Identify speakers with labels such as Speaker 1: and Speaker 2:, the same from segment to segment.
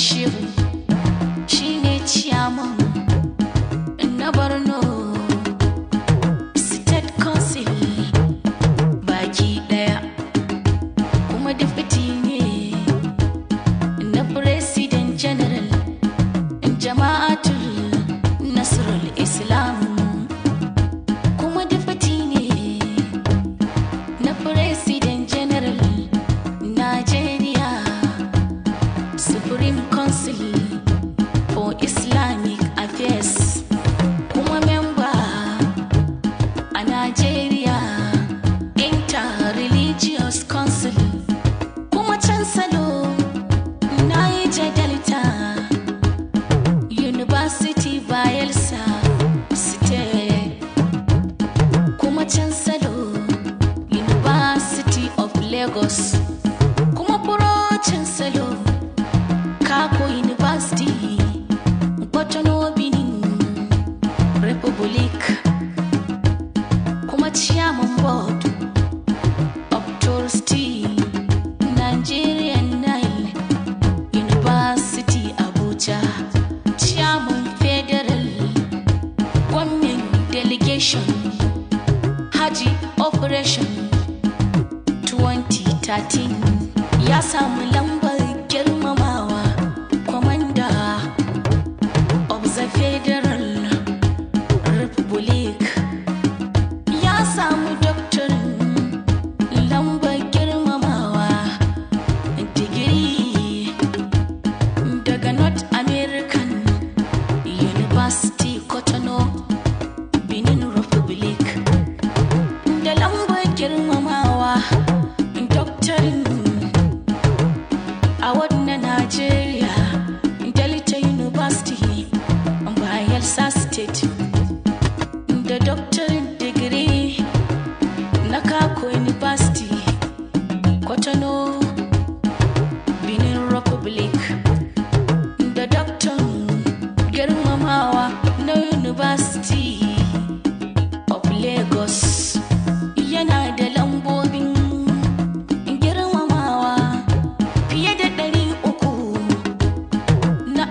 Speaker 1: shivers.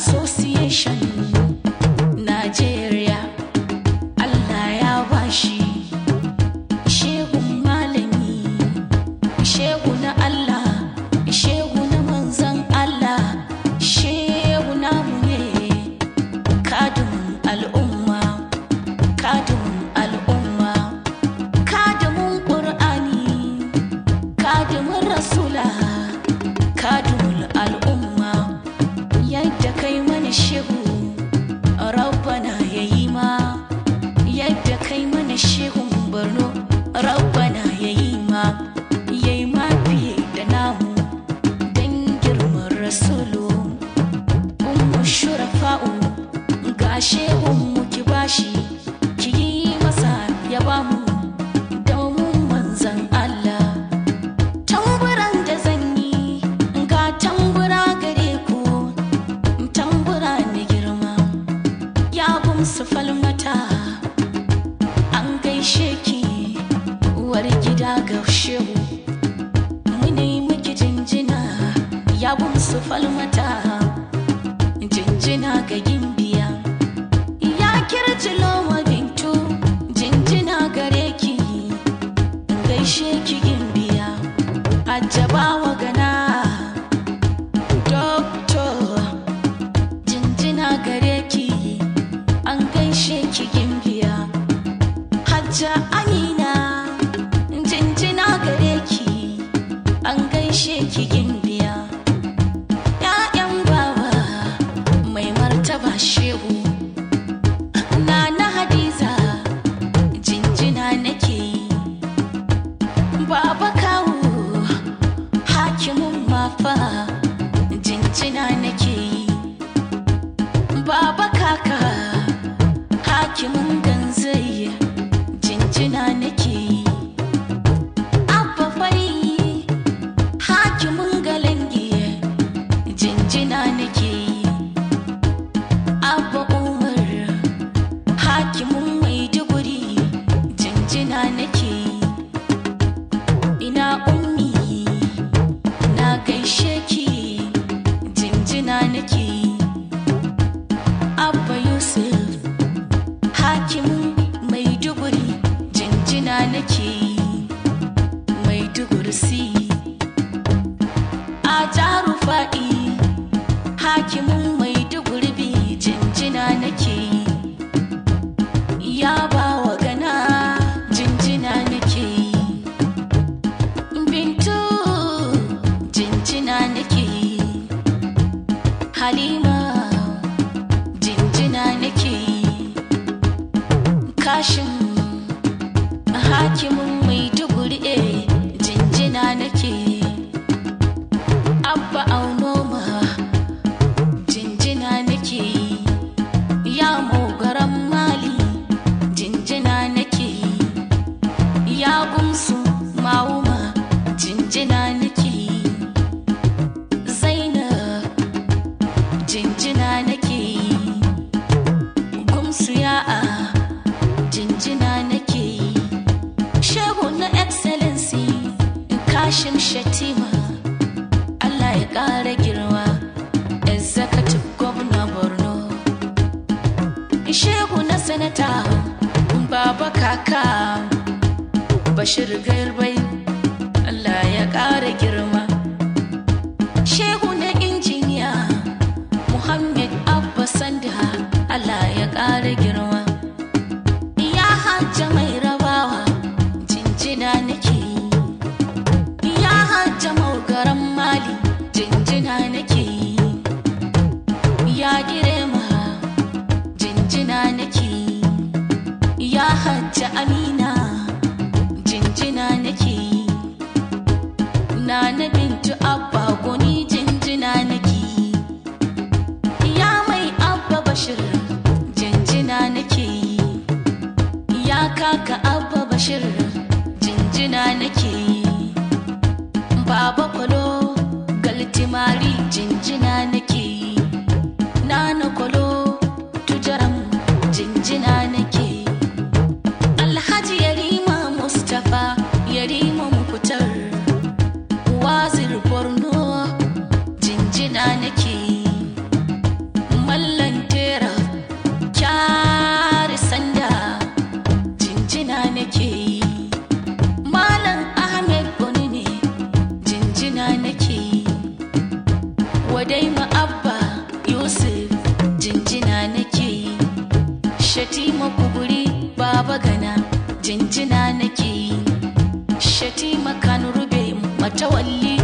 Speaker 1: association You. bashir garbai Allah ya ƙara girma shehu na injiniya muhammad abba sanda Allah ya ƙara girma ya hajja mai rabawa jinjina nake yi ya hajja maugaran mali jinjina nake yi ya ma jinjina nake yi ya hajja amina fatima kanu rube matawalli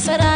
Speaker 1: será?